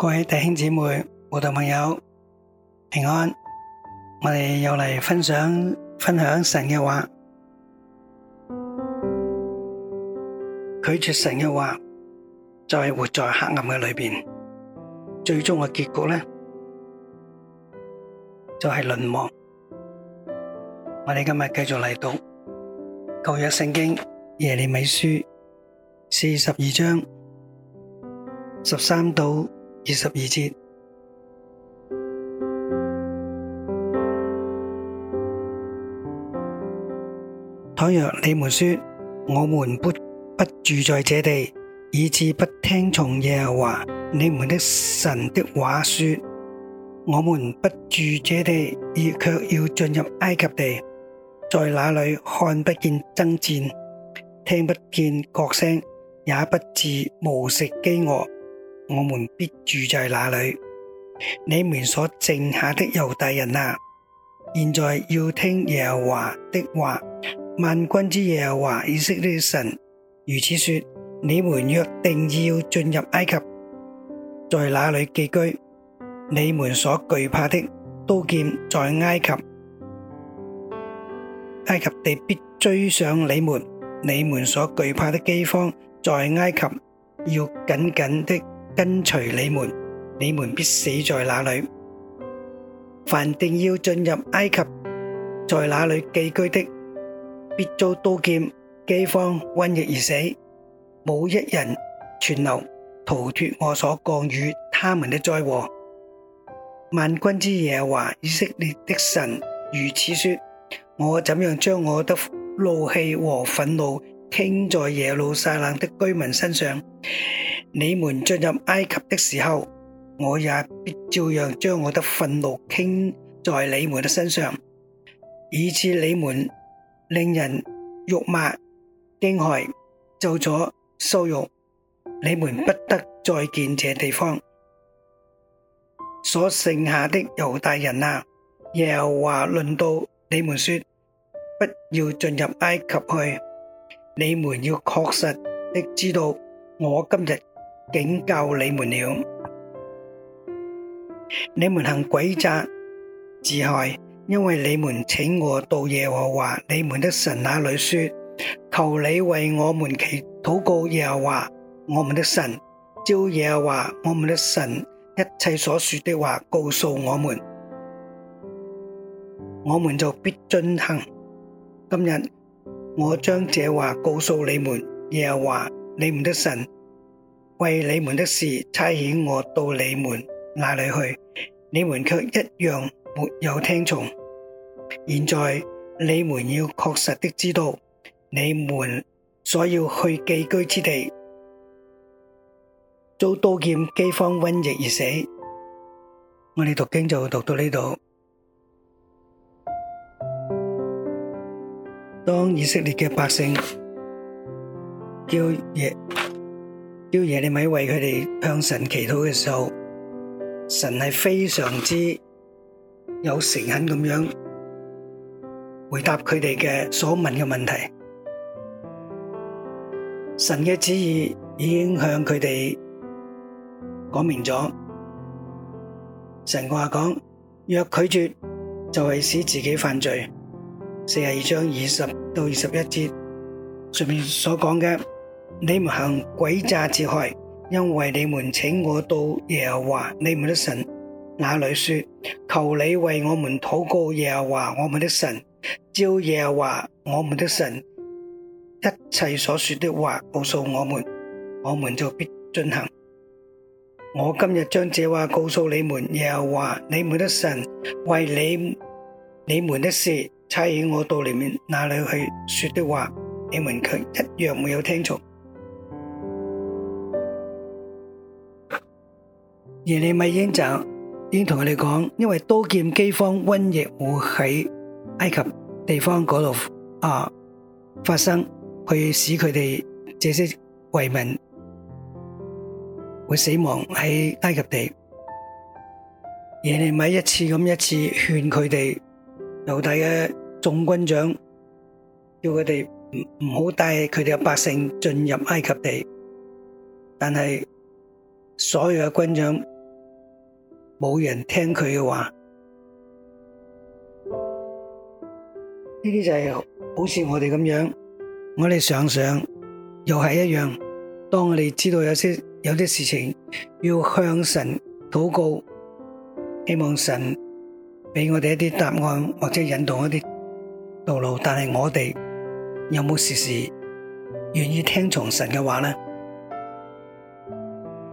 各位弟兄姊妹、慕道朋友平安，我哋又嚟分享，分享神嘅話，拒絕神嘅話就係、是、活在黑暗嘅裏面。最終嘅結局咧就係、是、淪亡。我哋今日繼續嚟讀舊約聖經耶利米書四十二章十三到二十二節。倘若你們說我們不不住在這地，以致不聽從耶和華你們的神的話說，說我們不住這地，而卻要進入埃及地，在那裏看不見爭戰，聽不見角聲，也不至無食饑餓。我們必住在哪裏？你們所剩下的猶大人啊，現在要聽耶和華的話。萬軍之耶和華以色列神如此說：你們約定要進入埃及，在那裏寄居。你們所懼怕的刀劍在埃及，埃及地必追上你們。你們所懼怕的饑荒在埃及，要緊緊的。跟隨你們，你們必死在那裏。凡定要進入埃及，在那裏寄居的，必遭刀劍、饑荒、瘟疫而死，冇一人存留，逃脫我所降與他們的災禍。萬軍之耶和華以色列的神如此說：我怎樣將我的怒氣和憤怒傾在耶路撒冷的居民身上？你們進入埃及的時候，我也必照樣將我的憤怒傾在你們嘅身上，以致你們令人辱罵驚駭，做咗羞辱。你們不得再見這地方。所剩下的猶大人啊，耶和華論到你們說，不要進入埃及去。你們要確實的知道，我今日。警教你們了！你們行詭詐、自害，因為你們請我到耶和華你們的神那裏說：求你為我們祈禱告耶和華我們的神，照耶和華我們的神一切所說的話告訴我們，我們就必遵行。今日我將這話告訴你們，耶和華你們的神。為你們的事差遣我到你們那裡去，你們卻一樣沒有聽從。現在你們要確實的知道，你們所要去寄居之地，遭刀劍饑荒瘟疫而死。我哋讀經就讀到呢度。當以色列嘅百姓叫耶。叫耶利米為佢哋向神祈禱嘅時候，神係非常之有誠懇咁樣回答佢哋嘅所問嘅問題。神嘅旨意已經向佢哋講明咗。神話講，若拒絕就係使自己犯罪。四十二章二十到二十一節上面所講嘅。你們用詭詐自害，因為你們請我到耶和華，你們的神那裏說，求你為我們禱告耶和華，我們的神照耶和華，我們的神一切所說的話告訴我們，我們就必遵行。我今日將這話告訴你們，耶和華，你們的神為你你們的事差遣我到裏面那裏去說的話，你們却一樣沒有聽從。耶利米英就已經同佢哋講，因為多劍饑荒瘟疫會喺埃及地方嗰度啊發生，去使佢哋這些移民會死亡喺埃及地。耶利米一次咁一次勸佢哋猶大嘅眾軍長，叫佢哋唔唔好帶佢哋嘅百姓進入埃及地，但係。所有嘅軍長冇人聽佢嘅話，呢啲就係好似我哋咁樣，我哋想想又係一樣。當我哋知道有些有啲事情要向神禱告，希望神畀我哋一啲答案或者引導一啲道路，但係我哋有冇時時願意聽從神嘅話咧？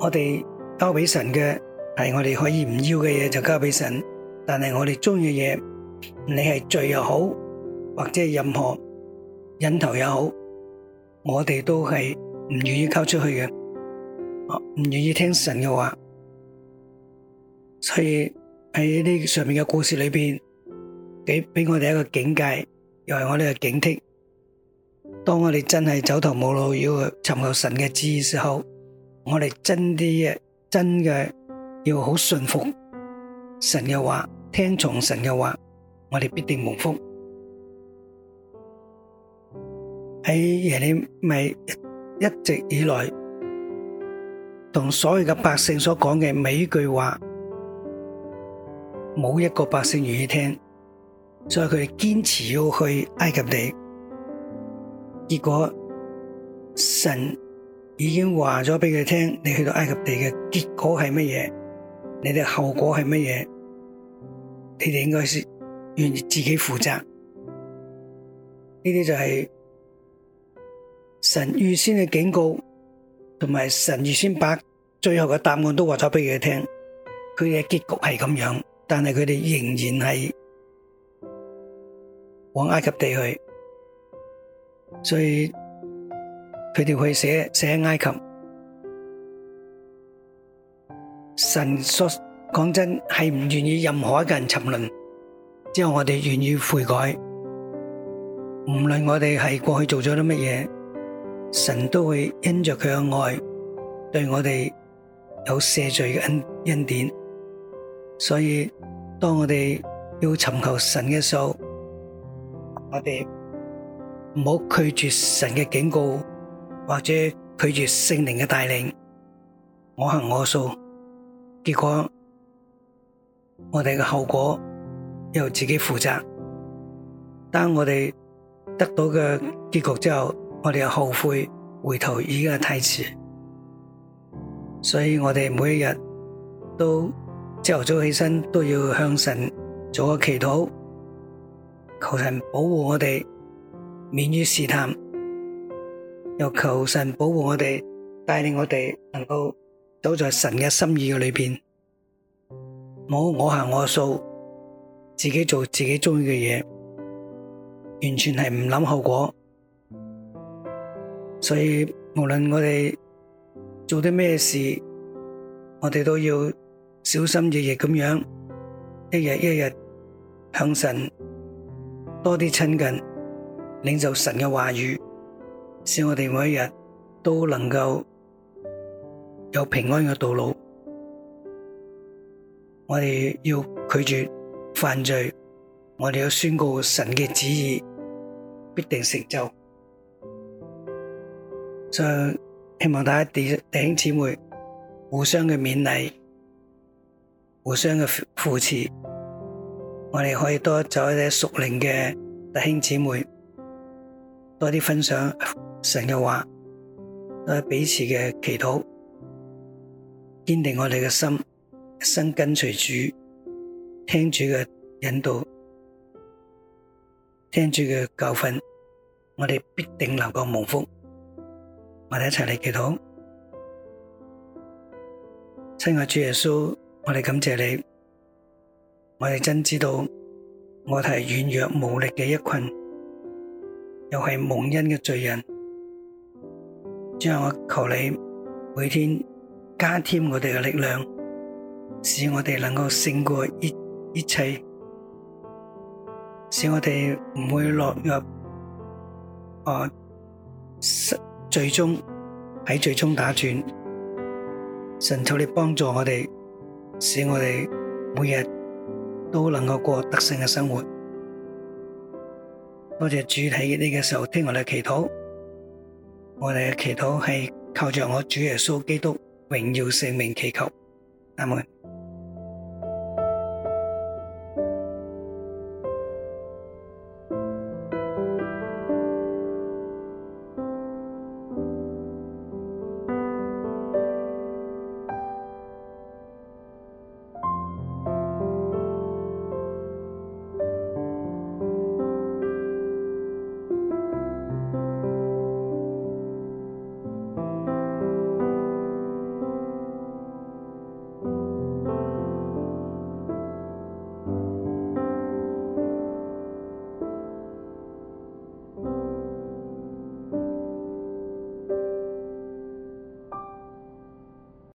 我哋交俾神嘅係我哋可以唔要嘅嘢，就交俾神，但係我哋中意嘅嘢，你係罪又好，或者係任何因頭也好，我哋都係唔願意交出去嘅，唔願意聽神嘅話。所以喺呢上面嘅故事裏面俾我哋一個警戒，又係我哋嘅警惕。當我哋真係走投無路，要去尋求神嘅旨意時候。我哋真啲嘅，真嘅要好信服神嘅話，聽從神嘅話，我哋必定蒙福。喺耶利米一直以來同所有嘅百姓所講嘅每一句話，冇一個百姓願意聽，所以佢哋堅持要去埃及地。結果神。已經話咗俾佢聽，你去到埃及地嘅結果係乜嘢？你哋後果係乜嘢？你哋應該說願意自己負責。呢啲就係神預先嘅警告，同埋神預先把最後嘅答案都話咗俾佢聽。佢嘅結局係咁樣，但係佢哋仍然係往埃及地去，所以。佢哋去寫寫埃及，神說：講真係唔願意任何一個人沉淪。之後我哋願意悔改，唔論我哋係過去做咗啲乜嘢，神都會因着佢嘅愛對我哋有赦罪嘅恩恩典。所以當我哋要尋求神嘅時候，我哋唔好拒絕神嘅警告。或者拒絕聖靈嘅帶領，我行我素，結果我哋嘅後果由自己負責。當我哋得到嘅結局之後，我哋又後悔，回頭已經係太遲。所以我哋每一日都朝頭早起身，都要向神做個祈禱，求神保護我哋，免於試探。又求神保護我哋，帶領我哋能夠走在神嘅心意嘅裏邊，冇我行我素，自己做自己中意嘅嘢，完全係唔諗後果。所以無論我哋做啲咩事，我哋都要小心翼翼咁樣，一日一日向神多啲親近，領受神嘅話語。使我哋每一日都能夠有平安嘅道路，我哋要拒絕犯罪，我哋要宣告神嘅旨意必定成就。所以希望大家弟兄姊妹互相嘅勉勵，互相嘅扶持，我哋可以多走一啲熟齡嘅弟兄姊妹多啲分享。神嘅話，都係，彼此嘅祈禱，堅定我哋嘅心，一生跟隨主，聽主嘅引導，聽主嘅教訓，我哋必定能夠蒙福。我哋一齊嚟祈禱，親愛主耶穌，我哋感謝你，我哋真知道我哋係軟弱無力嘅一群，又係蒙恩嘅罪人。將我求你每天加添我哋嘅力量，使我哋能夠勝過一,一切，使我哋唔會落入啊最終喺最終打轉。神求你幫助我哋，使我哋每日都能夠過得勝嘅生活。多謝主喺呢、這個時候聽我哋祈禱，我哋嘅祈禱係靠著我主耶穌基督榮耀聖名祈求，阿門。